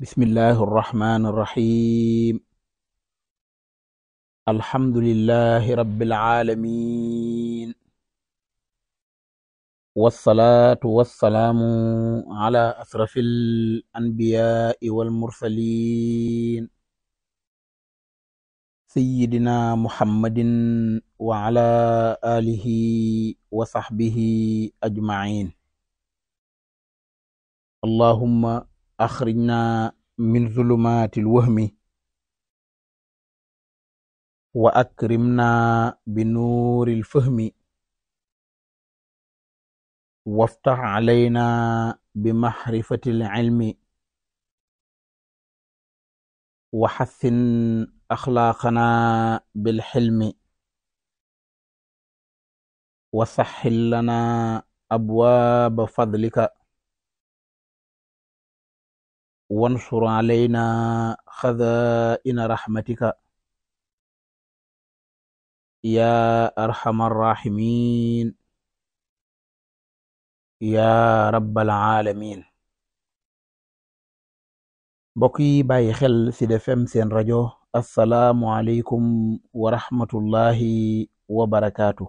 bismillahi arrahmani irrahim alhamdulillahi rabbil alamin wassalatu wassalaamu ala asrafil anbiyaai wal mursalin sayyidina muhammadin wa ala alihi wa sahbihi ajmain allahumma أخرجنا من ظلمات الوهم وأكرمنا بنور الفهم وافتح علينا بمعرفة العلم وحسن أخلاقنا بالحلم وسهل لنا أبواب فضلك wansur alayna xazaa'ina raxmatika yaa arxamar raximin yaa rabbal aalamiin mbokk yi bàyyi xel ci Sud seen rajo assalaamu aleykum wa rahmatullahi wa barakaatu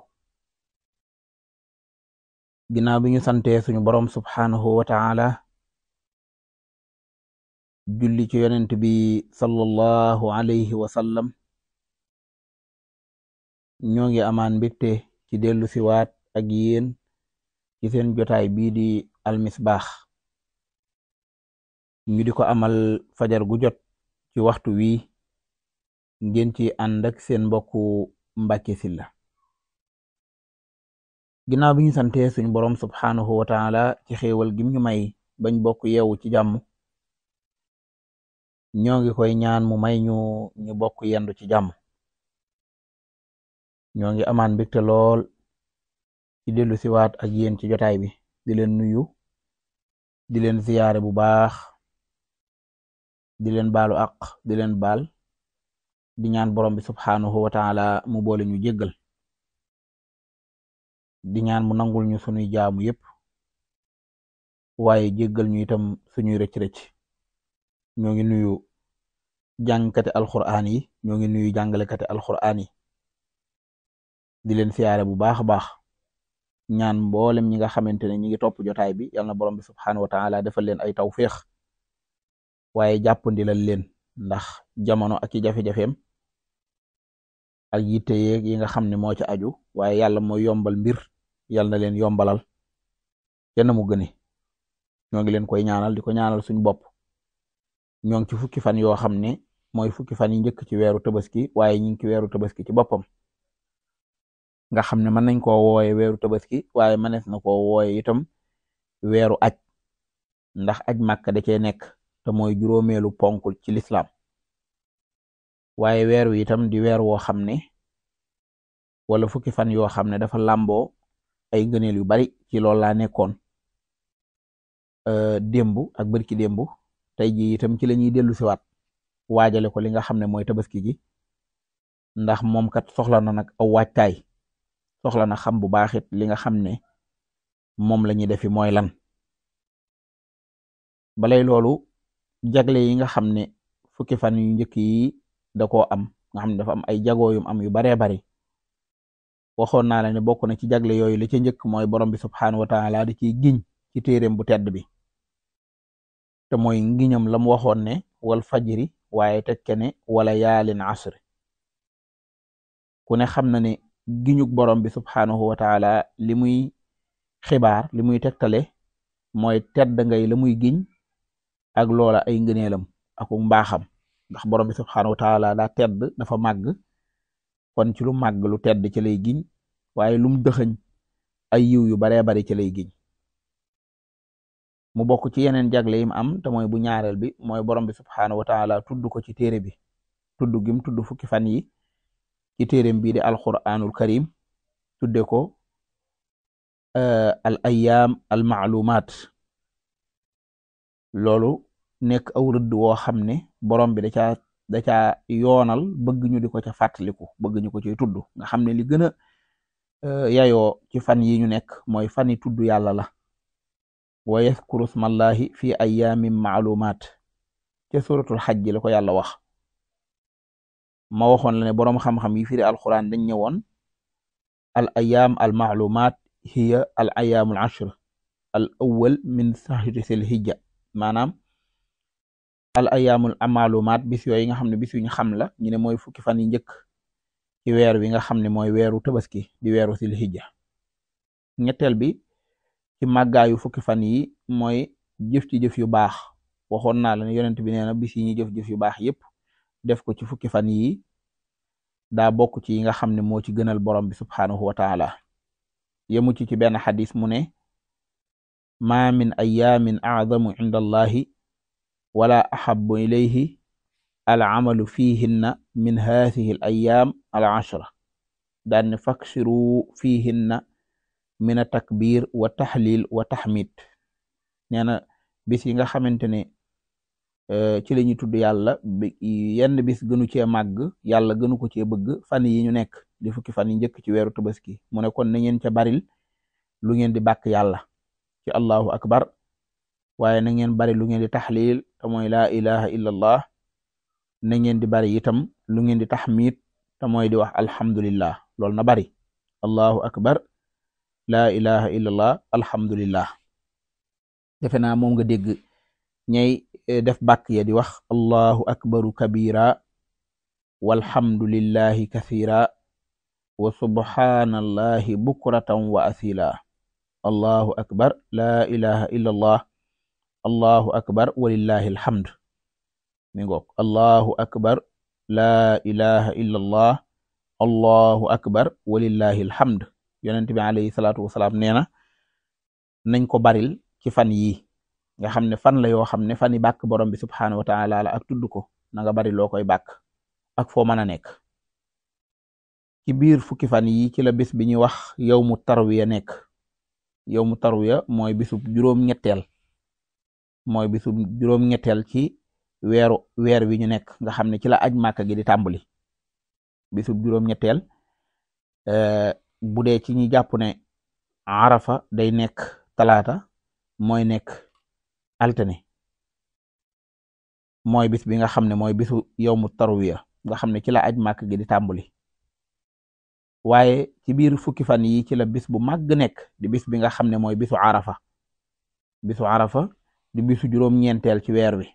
ginnaaw bi ñu sante suñu boroom subhaanahu wa julli ci yonent bi sallallahu alayhi wa sallam ñoo ngi amaan mbégte ci dellu siwaat ak yéen ci seen jotaay bii di almisbaax ñu di ko amal fajar gu jot ci waxtu wi ngeen ci ànd ak seen mbokku Mbàkke Sylla ginnaaw bi ñu sante suñ borom subxaanahu wa taala ci xéewal gim ñu may bañ bokk ci jàmm ñoo ngi koy ñaan mu may ñu ñu bokk yendu ci jàmm ñoo ngi amaan mbégte lool ci dellu siwaat ak yéen ci jotaay bi di leen nuyu di leen ziyaare bu baax di leen baalu àq di leen baal di ñaan borom bi subxanahu mu boole ñu jéggal di ñaan mu nangul ñu sunuy jaamu yépp waaye jéggal ñu itam suñuy rëcc-rëcc ñoo ngi nuyu jàngkati alxuraan yi ñoo ngi nuyu jàngalekati alxuraan yi di leen siyaare bu baax a baax ñaan mboolem ñi nga xamante ne ñi ngi topp jotaay bi yal na borom bi subxanahu wa ta'ala defal leen ay tawféex waaye jàppandilal leen ndax jamono ak i jafe-jafeem ak yitte yeeg yi nga xam ne moo ci aju waaye yàlla mooy yombal mbir yal na leen yombalal kenn mu gëne ñoo ngi leen koy ñaanal di ko ñaanal suñu bopp. ñoo ngi ci fukki fan yoo xam ne mooy fukki fan yi njëkk ci weeru tabaski waaye ñu ngi ci weeru tabaski ci boppam nga xam ne mën nañ koo wooye weeru tabaski waaye mënees na koo wooye itam weeru aj ndax aj màkk da cee nekk te mooy juróomeelu ponk ci lislaam waaye weer wi itam di weer woo xam ne wala fukki fan yoo xam ne dafa làmboo ay ngëneel yu bari ci loolu laa nekkoon démb ak bërki démb tey ji itam ci la ñuy dellu siwaat waajale ko li nga xam ne mooy tabaski gi ndax moom kat soxla na nag aw waajtaay soxla na xam bu baax li nga xam ne moom la ñuy defi mooy lan balay loolu jagle yi nga xam ne fukki fan yu njëkk yi da koo am nga xam ne dafa am ay jagoo yum am yu baree bari waxoon naa la ne bokk na ci jagle yooyu li ci njëkk mooy borom bi subxanahu wa taala di ciy giñ ci téereem bu tedd bi. te mooy ngiñam la mu waxoon ne wal fajri waaye tekke ne wala yaalin asri ku ne xam na ne giñug borom bi subxanahu wa taala li muy xibaar li muy tegtale mooy tedd la muy giñ ak loola ay ngëneelam aku mbaaxam ndax borom bi subxanahu wa taala tedd dafa màgg kon ci lu màgg lu tedd ci lay giñ waaye lum dëxëñ ay yiw yu baree bari ci lay giñ. mu bokk ci yeneen jagle yim am te mooy bu ñaareel bi mooy borom bi subxanahu wa taala tudd ko ci téere bi tudd gim tudd fukki fan yi ci téereem bii di alquranul karim tudde ko eh, al ayam al maalumaat loolu nekk aw rëdd woo xam ne borom bi da ca da caa yoonal bëgg ñu di ko ca fàttaliku bëgg ñu ko ciy tudd nga xam ne li gën a eh, yayoo ci fan yi ñu nekk mooy fan tuddu tudd yàlla la. wa yadkuru smallahi fi ayaamin maalumaat ca suratul xajji la ko yàlla wax ma waxoon la ne boroom xam-xam yi firi alquran dañ ñëwoon al ayaam al maalumaat hiya al ayaamul ashr al awwal min sahri sil hijja maanaam al ayaamul maalumaat bis yi nga xam ne bis yu ñu xam la ñu ne mooy fukki fan yi njëkk ci weer wi nga xam ne mooy weeru tabaski bi weeru sil hijja ñetteel bi ci yu fukki fan yi mooy jëf ci jëf yu baax waxoon naa la ne yonent bi nee na bis yi ñuy jëf jëf yu baax yépp def ko ci fukki fan yi daa bokk ci yi nga xam ne moo ci gënal borom bi subhanahu wa taala yemu ci ci benn xadis mu ne ma min ayaamin aadamu inda allahi wala ahabu ilayhi al amalu fihinna min haathihi al ayaam al ashra daan ne faksiru fihinna mina takbir wa taxlil wa taxmid nee na bis yi nga xamante ne eh, ci la ñuy tudd yàlla yenn bis gënu cee màgg yàlla gënu ko cee bëgg fan yi ñu nekk di fukki fan yi njëkk ci weeru tabaski mu ne kon na ngeen baril lu ngeen di bàkk yàlla ci allahu akbar waaye na ngeen bari lu ngeen di taxlil te mooy laa ilaha illallah na ngeen di bari itam lu ngeen di taxmid te mooy di wax alhamdulillah lool na bari allahu akbar laa ilaha illallah alhamdulillah defe naa moom nga dégg ñay eh, def bàkk ya di wax allahu akbaru kabira walhamdulillahi kathira wa subhanallahi bukratan wa asila allahu akbar laa ilaha illallah allahu akbar walillahi alhamd mi ngoog allahu akbar laa ilaha illallah allahu akbar walillahi alhamd yonent bi alayhi salaatu wasalaam nee na nañ ko baril ci fan yi nga xam ne fan la yoo xam ne fan yi bàkk borom bi subxanahu wa taala la ak tudd ko na nga koy bàkk ak foo mën a nekk ci biir fukki fan yi ci la bis bi ñuy wax yow mu tarwiya nekk yow mu tarwiya mooy bisub juróom-ñetteel mooy bisub juróom-ñetteel ci weeru weer wi ñu nekk nga xam ne ci la aj màkk gi di tàmbali bisub bu dee ci ñi jàpp ne arafa day nekk talaata mooy nekk altine mooy bis bi nga xam ne mooy bisu yowmu tarwiya nga xam ne ci la aj màkk gi di tàmbali waaye ci biir fukki fan yi ci la bis bu màgg nekk di bis bi nga xam ne mooy bisu arafa bisu arafa di bisu juróom-ñeenteel ci weer wi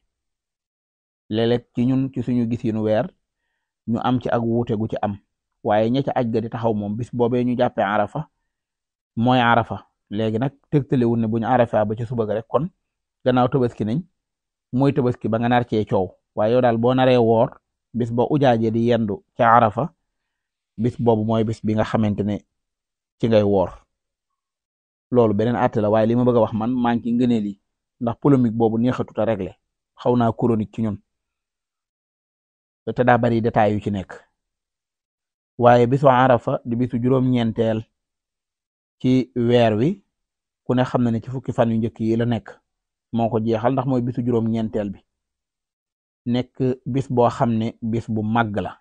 léeg-léeg ci ñun ci suñu gisiinu weer ñu am ci ak wuute gu ci am waaye ña ca aj ga di taxaw moom bis boobee ñu jàppee arafa mooy arafa léegi nag tegtalewul ne bu ñu arafa ba ca suba ga rek kon gannaaw tabaski nañ mooy tabaski ba nga nar cee coow waaye yow daal boo naree woor bis ba ujaajee di yendu ca arafa bis boobu mooy bis bi nga xamante ne ci ngay woor loolu beneen àtte la waaye li ma bëgg wax man maa ngi ci ndax polémique boobu neexatut a réglé xaw naa chronique ci ñun te daa bari détails yu ci nekk waaye bisu arafa di bisu juróom-ñeenteel ci weer wi ku ne xam na ne ci fukki fan yu njëkk yi la nekk moo ko jeexal ndax mooy bisu juróom bi nekk bis boo xam ne bis bu màgg la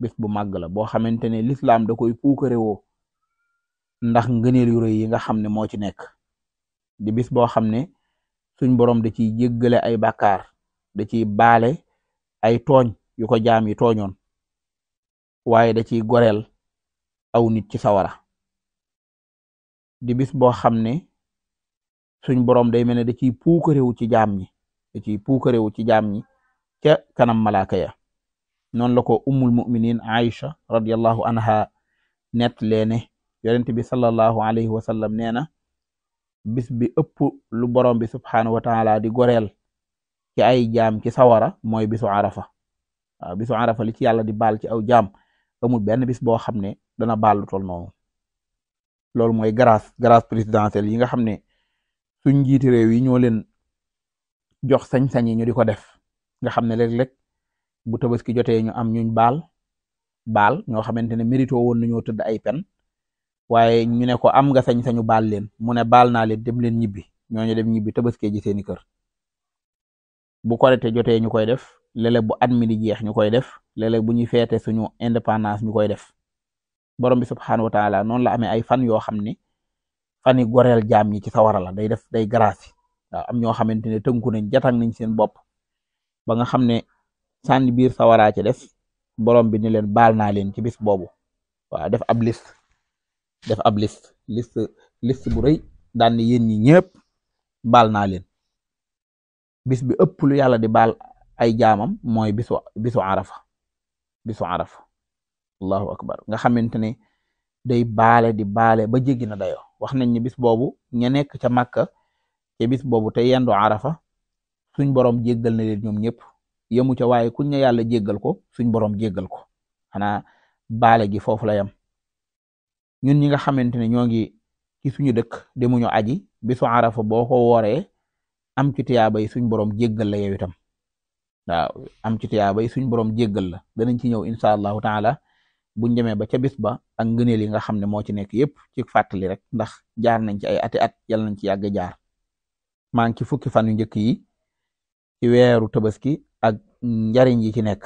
bis bu màgg la boo xamante ne lislaam da koy puukarewoo ndax ngëneel yi nga xam ne moo ci nekk di bis boo xam ne suñ borom da ciy jéggale ay bàkkaar da ciy baale ay tooñ yu ko jaam yi tooñoon waaye da ciy goreel aw nit ci sawara di bis boo xam ne suñ borom day mel ne da ciy puukarewu ci jaam ñi da ciy ci jaam ñi ca kanam malaaka ya noonu la ko ummul muminin Aisha radiyallahu anha net leene yonent bi sallallahu alayhi wa sallam nee na bis bi ëpp lu borom bi subxanahu wa di goreel ci ay jaam ci sawara mooy bisu arafa waaw bisu arafa li ci yàlla di baal ci aw jaam. amul benn bis boo xam ne dana baal lu toll loolu mooy grâce grâce présidentielle yi nga xam ne suñ njiiti réew yi ñoo leen jox sañ-sañ yi ñu di ko def nga xam ne léeg-léeg bu tabaski jotee ñu am ñuñ baal baal ñoo xamante ne mérito woon nañoo tëdd ay pen waaye ñu ne ko am nga sañ-sañu baal leen mu ne baal naa leen dem leen ñibbi ñooñu dem ñibbi tabaskee ji seeni kër bu korite jotee ñu koy def léeg-léeg bu at jeex ñu koy def léeg bu ñuy feete suñu indépendance ñu koy def borom bi subxanahu wa taala noonu la amee ay fan yoo xam ne fan yi goreel jaam ñi ci sawarala day def day grâce waaw am ñoo xamante ne tënku nañ jatang nañ seen bopp ba nga xam ne sànni biir sawaraa ci def borom bi ni leen baal naa leen ci bis boobu waaw def ab liste def ab liste list liste bu rëy daan ne yéen ñi ñëpp baal naa leen bis bi ëpp lu yàlla di baal. ay jaamam mooy bisu bisu arafa bisu allahu akbar nga xamante ne day baale di baale ba jéggi na dayoo wax nañ ne bis boobu ña nekk ca màkka te bis boobu te yendu arafa suñ borom jéggal na leen ñoom ñëpp yemu ca waaye kuñ ne yàlla jéggal ko suñ borom jéggal ko xanaa baale gi foofu la yem ñun ñi nga xamante ne ñoo ngi ci suñu dëkk demuñu aji bisu arafa boo ko wooree am ci tiyaaba yi suñ borom jéggal la yow waaw am ci tuyaabay suñ borom jéggal la danañ ci ñëw incha allahu taala buñ demee ba ca bis ba ak ngëneel yi nga xam ne moo ci nekk yépp ci fàttali rek ndax jaar nañ ci ay ati at yal nañ ci yàgg jaar maa ngi ci fukki fa yu njëkk yi ci weeru tabaski ak njariñ yi ci nekk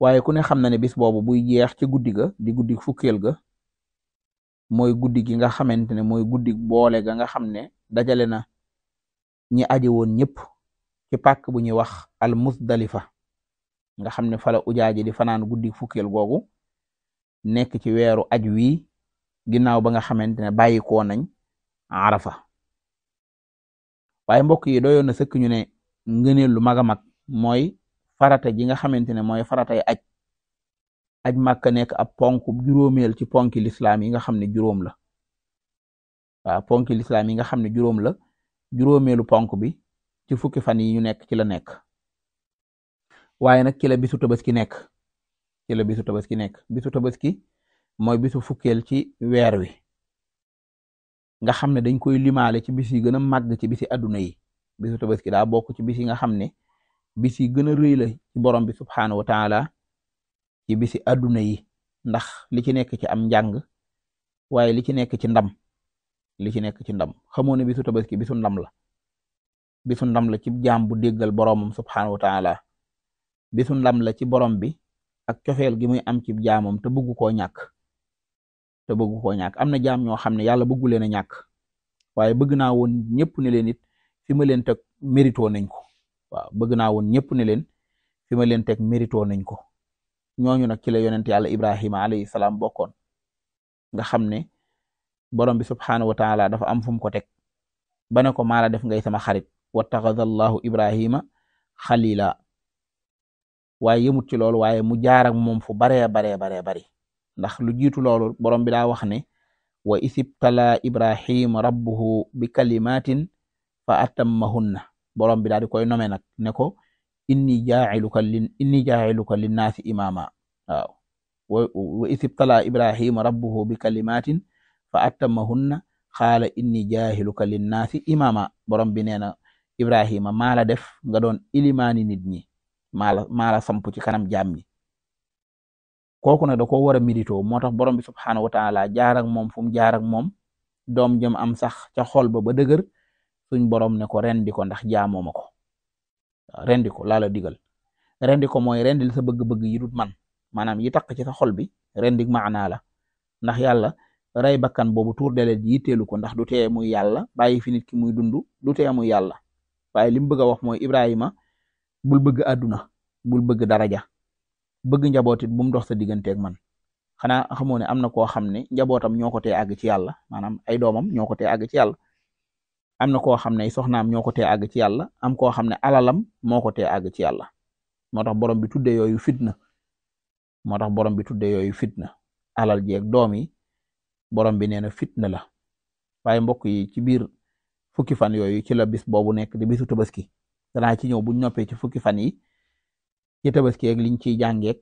waaye ku ne xam na ne bis boobu buy jeex ci guddi ga di guddi fukkeel ga mooy guddi gi nga xamante ne mooy guddi boole ga nga xam ne dajale na ñi aji woon ñëpp ci pàkk bu ñuy wax al musdalifa nga xam ne fala ujaaji di fanaan guddi fukkeel googu nekk ci weeru aj wi ginnaaw ba nga xamante ne bàyyi koo nañ arafa waaye mbokk yi doyoon na sëkk ñu ne ngëneel lu mag a mag mooy farata ji nga xamante ne mooy faratay aj aj màkka nekk ab ponk juróomeel ponki lislaam yi nga xam ne juróom la waaw ponki lislaam yi nga xam ne juróom la juróomeelu ponk bi ci fukki fan yi ñu nekk ci la nekk waaye nag ci la bisu tabaski nekk ci la bisu tabaski nekk bisu tabaski mooy bisu fukkeel ci weer wi nga xam ne dañ koy limaale ci bis yi gën a màgg ci bisi àdduna yi bisu tabaski daa bokk ci bis yi nga xam ne bis yi gën a rëy la ci borom bi subxanahu wa taala ci bisi àdduna yi ndax li ci nekk ci am njàng waaye li ci nekk ci ndam li ci nekk ci ndam xamoo ne bisu tabaski bisu ndam la. bisu ndam la ci jaam bu déggal boroomam subxanahu wa taala bisu ndam la ci borom bi ak cofeel gi muy am ci jaamam te bëgg koo ñàkk te bëgg koo ñàkk am na jaam ñoo xam ne yàlla bëggu leen a ñàkk waaye bëgg naa woon ñëpp ne leen it fi ma leen teg mérito nañ ko waaw naa woon ñëpp ne leen fi ma leen teg mérito nañ ko ñooñu nag ci la yonent yàlla Ibrahima alayhi salaam bokkoon nga xam ne borom bi subxanahu wa dafa am fu mu ko teg ba ne ko maala la def ngay sama xarit. wattaxada allahu ibrahima xalila waaye yëmut ci loolu waaye mu jaar moom fu baree bare baree bari ndax lu jiitu loolu borom bi daa wax ne wa isibtala ibrahima rabbuhu bi kalimatin fa atammahunna borom bi di koy nome nag ne ko inni jaaciluka lin inni jaaciluka linnaasi imaama waaw rabbuhu bi kalimatin fa atammahunna xaala inni jaahiluka linnaasi imaama borom bi nee Ibrahima maala def nga doon ilimaani nit ñi maala maala samp ci kanam jaam ñi kooku nag da koo war a méritoo moo tax borom bi subxanahu wa taala jaar ak moom mu jaar moom doom jëm am sax ca xol ba ba dëgër suñ borom ne ko rendi ko ndax jaamoo ma ko rendi ko laa la digal rendi ko mooy rendil sa bëgg-bëgg yi man maanaam yi takk ci sa xol bi rendi maanaa la ndax yàlla rey bakkan boobu tuur delet yitteelu ko ndax du tee muy yàlla bàyyi fi nit ki muy dund du tee muy yàlla. waaye li mu bëgg a wax mooy Ibrahima bul bëgg àdduna bul bëgg daraja bëgg njabootit bu mu dox sa digganteeg man xanaa xamoo ne am na koo xam ne njabootam ñoo ko àgg ci yàlla maanaam ay doomam ñoo ko tee àgg ci yàlla am na koo xam ne ay soxnaam ñoo ko àgg ci yàlla am koo xam ne alalam moo ko àgg ci yàlla moo tax borom bi tudde yooyu fitna moo tax borom bi tudde yooyu fitna alal jeeg doom yi borom bi nee na fitna la waaye mbokk yi fukki fan yooyu ci la bis bu nekk di bisu tabaski danaa ci ñëw buñ noppee ci fukki fan yi ci tabaski ak liñ ciy jàngeek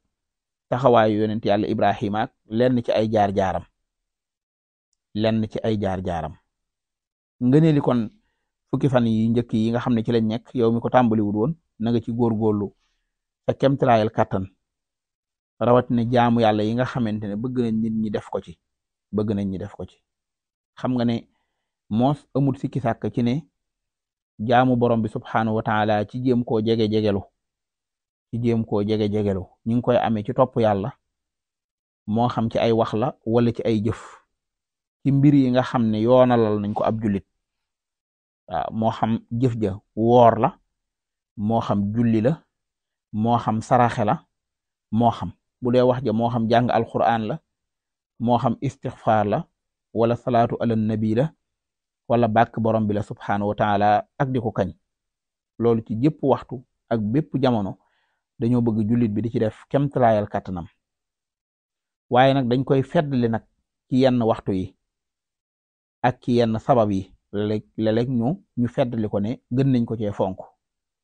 taxawaayu yonent yàlla Ibrahima ak lenn ci ay jaar-jaaram lenn ci ay jaar-jaaram ngëneeli kon fukki fan yi njëkk yi nga xam ne ci la nekk yow mi ko tàmbaliwul woon na nga ci góorgóorlu sa kemtalaayal kàttan rawatina jaamu yàlla yi nga xamante ne bëgg nañ nit ñi def ko ci bëgg nañ ñi def ko ci ne moos amul sikki sàkk ci ne jaamu borom bi subxanahu wa ci jéem koo jege jegelu ci jéem koo jege jegelu ñu ngi koy amee ci topp yàlla moo xam ci ay wax la wala ci ay jëf ci mbir yi nga xam ne yoonalal nañ ko ab julit waaw moo xam jëf ja woor la moo xam julli la moo xam saraxe la moo xam bu dee wax ja moo xam jàng alquran la moo xam istixfaar la wala salaatu ala nabi wala bàkk borom bi la subxanahu wa taala ak di kañ loolu ci jëpp waxtu ak bépp jamono dañoo bëgg jullit bi di ci def kemtalaayal kàttanam waaye nag dañ koy feddali nag ci yenn waxtu yi ak ci yenn sabab yi léeg ñu ñu feddali ko ne gën nañ ko cee fonk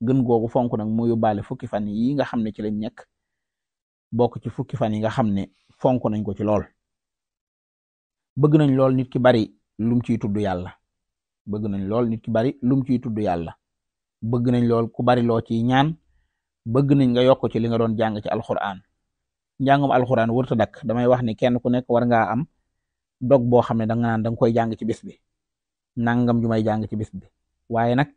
gën googu fonk nag mu yóbbaale fukki fan yi nga xam ne ci lañ nekk bokk ci fukki fan yi nga xam ne fonk nañ ko ci lool bëgg nañ lool nit ki bari lum ci tudd yàlla. bëgg nañ lool nit ki bari lum ciy tuddu yàlla bëgg nañ lool ku bari loo ciy ñaan bëgg nañ nga yokk ci li nga doon jàng ci alxuraan njàngum alxuraan wërta dakk damay wax ni kenn ku nekk war ngaa am dog boo xam ne danga naan danga koy jàng ci bis bi nangam ju may jàng ci bis bi waaye nag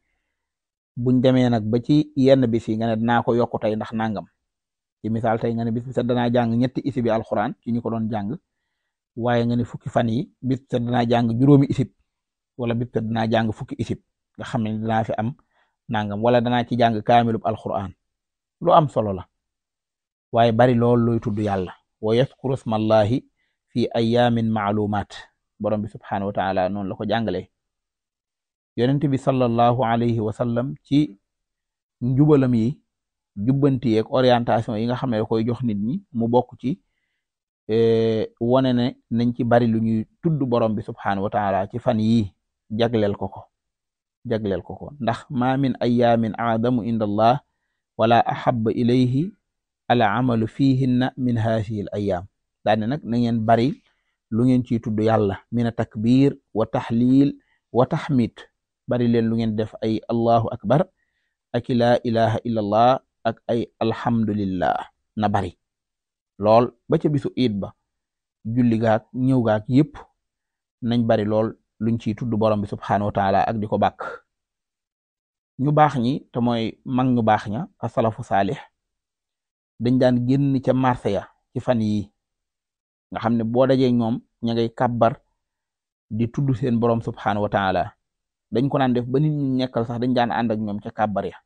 buñ demee nag ba ci yenn bis yi nga ne dinaa ko yokk tey ndax nangam misaal tey nga ne bis danaa jàng ñetti isib yi alxuraan ci ñu ko doon jàng waaye nga ne fukki fan yi bis bi sax jàng juróomi isib wala bit kat dinaa jàng fukki isib nga xam ne dinaa fi am nangam wala danaa ci jàng kaamilub alquran lu am solo la waaye bari lool luy tudd yàlla wa yaskuru smallahi fi ayamin maalumaat borom bi subhanahu wa taala noonu la ko jàngalee yonent bi sallallahu alayhi wa sallam ci njubalam yi jubbanti yeeg orientation yi nga xam ne koy jox nit ñi mu bokk ci eh, wone ne nañ ci bari lu ñuy tudd borom bi subhanahu wa ci fan yii jagleel ko ko jagleel ko ko ndax ma min ayaamin aadamu inda allah wala ahaba ilayhi ala amalu fihinna min haadihi ayaam daane nag na bari lu ngeen ciy tudd yàlla mina takbir wa taxlil wa taxmid bari leen lu ngeen def ay allahu akbar ak laa ilaha illa ak ay alhamdulillah na bari lool ba ca bisu iid ba julli gaak ñëw gaak yépp nañ bari lool luñ ciy tudd borom bi subxanahu wa taala ak di ko bàkk ñu baax ñi te mooy mag ñu baax ña asalafu saalix dañ daan génn ca marché ya ci fan yi nga xam ne boo dajee ñoom ña ngay di tudd seen borom subxanahu wa taala dañ ko naan def ba nit ñi sax dañ daan ànd ak ñoom ca kàbbar ya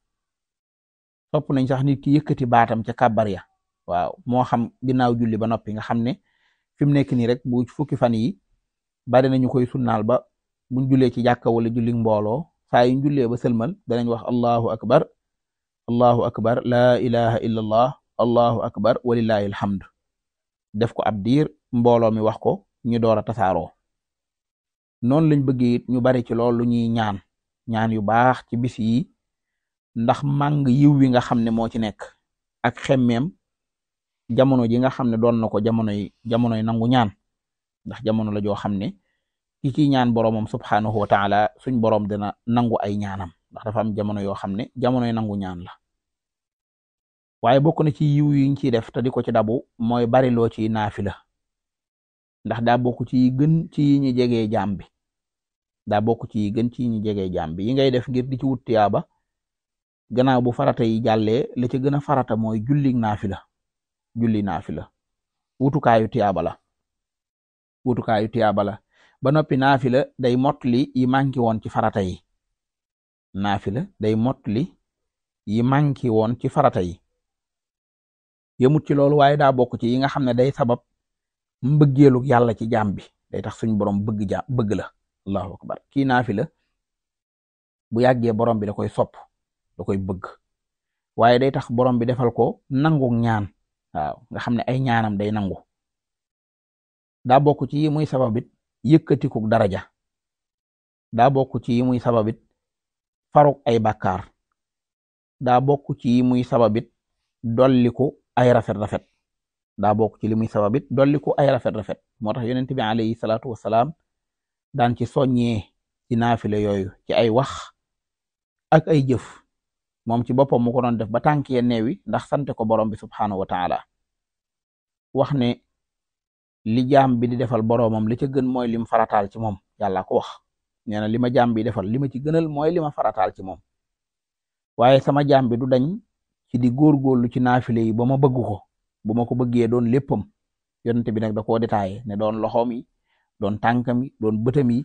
topp nañ sax nit ki yëkkati baatam ca kàbbar ya waaw moo xam ginnaaw julli ba noppi nga xam ne fi mu nekk nii rek bu fukki fan yi bari nañu koy sunnaal ba buñ jullee ci jàkka wala julli mbooloo saa yuñ ba sëlmal danañ wax allahu akbar allahu akbar laa ilaha illa allahu akbar walillahi alhamd def ko ab diir mbooloo mi wax ko ñu door a tasaaroo noonu lañ bëgg it ñu bari ci loolu lu ñuy ñaan ñaan yu baax ci bis yi ndax màng yiw wi nga xam ne moo ci nekk ak xemmeem jamono ji nga xam ne doon na ko jamonoy jamonoy nangu ñaan ndax jamono la joo xam ne ki ciy ñaan boromam subhanahu wa taala suñ borom dina nangu ay ñaanam ndax dafa am jamono yoo xam ne jamonoy nangu ñaan la waaye bokk na ci yiw yiñ ciy def te di ko ci dabu mooy bari loo ciy naafila ndax daa bokk ci yi gën ci yi ñu jegee bi daa bokk ci yi gën ci yi ñu jegee jaam bi yi ngay def ngir di ci wut tiyaaba gannaaw bu farata yi jàllee la ci gën a farata mooy julli naafila julli naafila wutukaayu tiyaaba la wutukaayu tiyaaba la ba noppi naafila day motli yi manki woon ci faratayi yi naafila day motli yi manki woon ci farata yi yëmut ci loolu waaye daa bokk ci yi nga xam ne day sabab mbëggeelu yàlla ci jaam bi day tax suñ borom bëgg ja bëgg la bu yàggee borom bi da koy sop da koy bëgg waaye day tax borom bi defal ko nangu ñaan waaw nga xam ne ay ñaanam day nangu daa bokk ci yi muy sababit yëkkatikuk daraja daa bokk ci yi muy sababit faruk ay bàkkaar daa bokk ci yi muy sababit dolliku ay rafet rafet daa bokk ci li muy sababit dolliku ay rafet rafet moo tax yonent bi alayhi salaatu wasalaam daan ci soññee ci naafile yooyu ci ay wax ak ay jëf moom ci boppam mu ko doon def ba tànk ya neewi ndax sante ko borom bi subhaanahu wa taala wax ne li jaam bi di defal boroomam li ca gën mooy lim farataal ci moom yàlla ko wax nee na li ma jaam bi defal li ma ci gënal mooy li ma farataal ci moom waaye sama jaam du dañ ci di góorgóorlu ci naafile yi ba ma bëgg ko bu ma ko bëggee doon léppam yonent bi nag da koo détaillé ne doon loxoom yi doon tànkam yi doon bëtam yi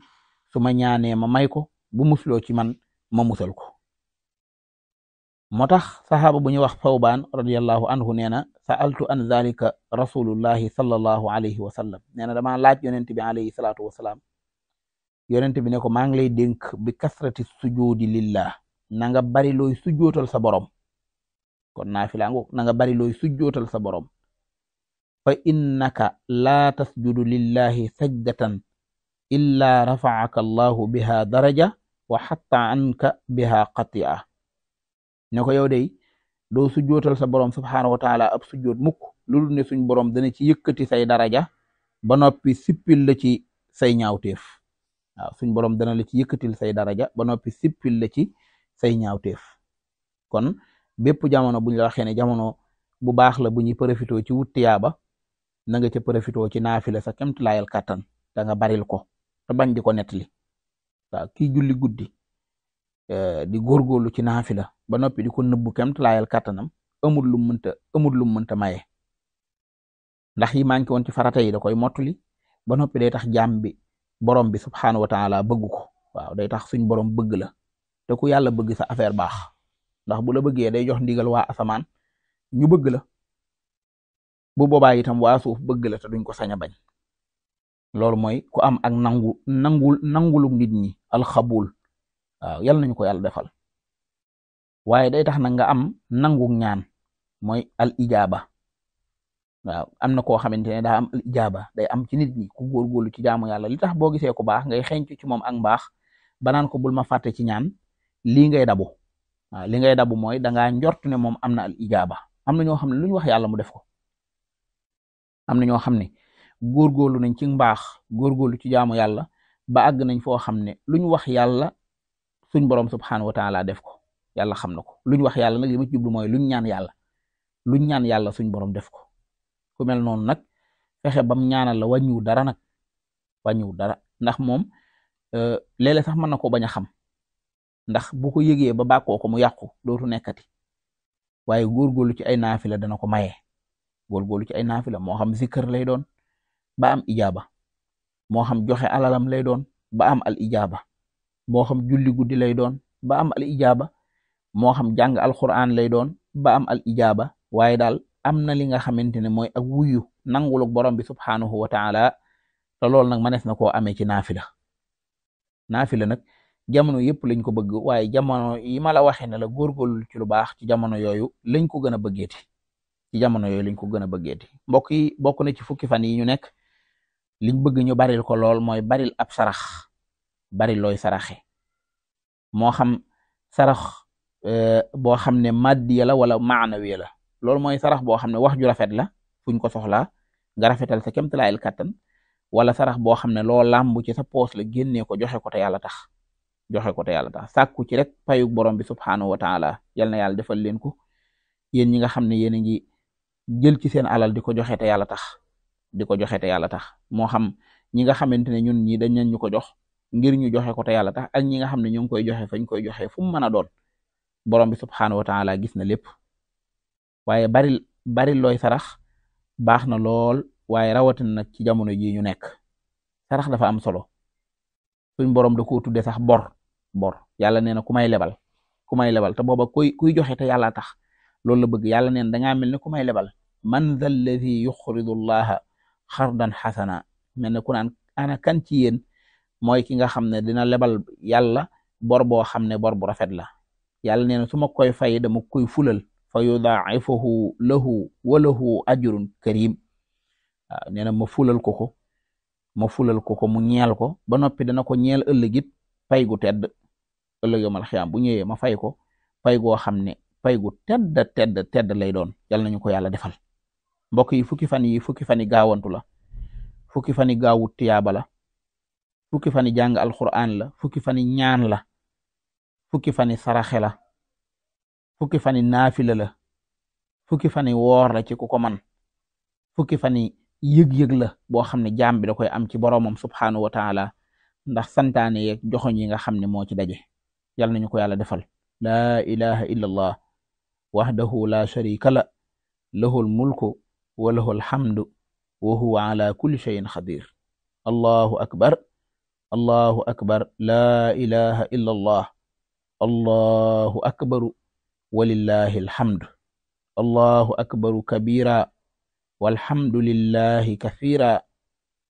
su ma ñaanee ma may ko bu musloo ci man ma musal ko moo tax saxaaba bu ñuy wax Sawbaan radiyallahu anhu nee na sa'altu an zalika rasulullahi sallallahu alayhi wa sallam nee na damaa laaj yonent bi alayhi salaatu wa salaam yonent bi ne ko maa ngi lay dénk bi kasrati sujuudi lillah na nga bari looy sa borom kon naafilaangu na nga bari looy sa borom fa innaka laa tasjudu lillahi sajdatan illa rafa'aka allahu biha daraja wa anka biha qati'a ne yow dey doo sujjootal sa borom subhaanahu wa taala ab sujjoot mukk loolu ne suñ borom dana ci yëkkati say daraja ba noppi sippil la ci say ñaawteef waaw borom dana la ci yëkkatil say daraja ba noppi sippil la ci say ñaawteef kon bépp jamono buñ la waxee jamono bu baax la bu ñuy profité ci wut ba na nga ca profité ci naafila sa kemtulaayal kàttan da nga baril ko te bañ di ko nettali waaw kii julli guddi Eh, di góorgóorlu ci naafila ba noppi di ko nëbbu kemtalaayal kàttanam amul lu mënta amul lu mënta maye ndax yi manqué woon ci farata yi da koy mottali ba noppi day tax jaam bi borom bi subxanahu wa taala bëgg ko waaw day tax suñ borom bëgg la te ku yàlla bëgg sa affaire baax ndax bu la bëggee day jox ndigal waa asamaan ñu bëgg la bu boobaa itam waa suuf bëgg la te duñ ko sañ a bañ loolu mooy ku am ak nangu nangul nangulu nit ñi alxabul. waaw yal nañu ko yàlla defal waaye day tax nag nga am nangu ñaan mooy al ijaaba waaw am na koo xamante ne daa am al ijaaba day am ci nit ñi ku góorgóorlu ci jaamu yàlla li tax boo gisee ku baax ngay xencu ci moom ak mbaax banaan ko bul ma fàtte ci ñaan lii ngay dabu waaw li ngay dabu mooy dangaa njort ne moom am na al ijaaba am na ñoo xam ne lu wax yàlla mu def ko am na ñoo xam ne góorgóorlu nañ ci mbaax góorgóorlu ci jaamu yàlla ba àgg nañ foo xam ne lu wax yàlla suñ borom subxanahu wa taala def ko yàlla xam na ko luñ wax yàlla nag li ma ci jublu mooy luñ ñaan yàlla luñ ñaan yàlla suñ borom def ko ku mel noonu nag fexe bam ñaanal la wàññiwul dara nag wàññiwul dara ndax moom euh, léeg sax mën na ko bañ a xam ndax bu ko yëgee ba bàkkoo ko mu yàqu dootu nekkati waaye góorgóorlu ci ay naafila dana ko maye góorgóorlu ci ay naafila moo xam zikkër lay doon ba am ijaaba moo xam joxe alalam lay doon ba am al ijaaba moo xam julli guddi lay doon ba am al ijaaba moo xam jàng alquran lay doon ba am al ijaaba waaye daal am na li nga xamante ne mooy ak wuyu nanguluk borom bi subhaanahu wa taala te loolu nag nees na koo amee ci naafila naafila nag jamono yëpp lañ ko bëgg waaye jamono yi ma la waxee na la góorgóorlu ci lu baax ci jamono yooyu lañ ko gën a bëggeeti ci jamono yooyu lañ ko gën a bëggeeti mbokk yi bokk na ci fukki fan yi ñu nekk liñ bëgg ñu baril ko lool mooy baril ab sarax bari looy saraxe moo xam sarax euh, boo xam ne maddiya la wala maanawiya la loolu mooy sarax boo xam ne wax ju rafet la fuñ ko soxlaa nga rafetal sa kéemtalaayal kàttan wala sarax boo xam ne loo làmb ci sa poos la génnee ko joxe ko te yàlla tax joxe ko yàlla tax sàkku ci rek payug borom bi subhaanahu wa taala yal na yàlla defal leen ko yéen ñi nga xam ne yéen a ngi jël ci seen alal di ko joxe te yàlla tax di ko joxe te yàlla tax moo xam ñi nga xamante ne ñun ñii dañ nañ ñu ko jox ngir ñu joxe ko te yàlla tax ak ñi nga xam ne ñu ngi koy joxe fañ koy joxe fu mu mën a doon borom bi subxanahu wa taala gis na lépp waaye bari bari looy sarax baax na lool waaye rawatin nag ci jamono jii ñu nekk sarax dafa am solo fu borom da koo tuddee sax bor bor yàlla nee na ku may lebal ku may lebal te booba kuy kuy joxe te yàlla tax loolu la bëgg yàlla neen dangaa mel ne ku may lebal man zal ladhi yuqridu llaha xardan xasana mel ne ku naan ana kan ci mooy ki nga xam ne dina lebal yàlla bor boo xam ne bor bu rafet la yàlla nee na su ma koy fay dama koy fulal fa yudaa'ifahu lahu wa lahu ajrun karim waaw nee na ma fulal ko ko ma fulal ko ko mu ñeel ko ba noppi dana ko ñeel ëllëg it pay gu tedd ëllëg yomal xiyaam bu ñëwee ma fay ko pay goo xam ne pay gu tedd tedd tedd lay doon yal nañu ko yàlla defal mbokk yi fukki fan yi la fukki fan yi gaawu tiyaaba fukki fan yi jàng alquran la fukki fan yi ñaan la fukki fan yi la fukki fan yi naafila la fukki fan yi woor la ci ku ko man fukki fan yi yëg la boo xam ne jaam bi da koy am ci boromam subxanahu wa taala ndax santaane yeeg joxoñ yi nga xam ne moo ci daje yal nañu ko yàlla defal. laa ilaha illallah wahdahu la sharika la lahul akbar. allahu akbar laa ilaha illa allah allahu walillahi alhamdu allahu akbaru kabira walhamdulillahi kathira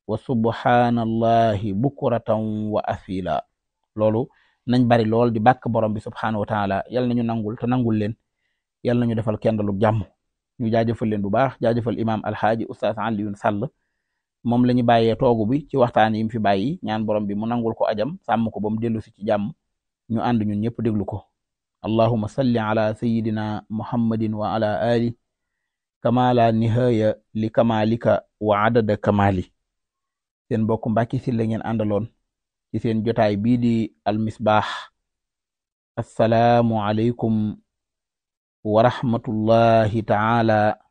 wa subhanallahi bukuratan loolu nañ bari lool di bàkk borom bi subhanahu wa taala yal nañu nangul te nangul leen yal nañu defal kendalu jàmm ñu jaajëfal leen bu baax jaajëfal imaam alxaaji ustaas Alioune Sall moom la ñu bàyyee toogu bi ci waxtaan yi fi bàyyi ñaan borom bi mu nangul ko ajam sàmm ko ba mu dellu si ci jàmm ñu ànd ñun ñëpp déglu ko allahuma salli ala sayidina muhammadin wa ala ali kama la nihaya li kamalika wa adada kamali seen mbokk Mbàkke Sylla ngeen àndaloon ci seen jotaay bii di almisbaax assalaamu aleykum taala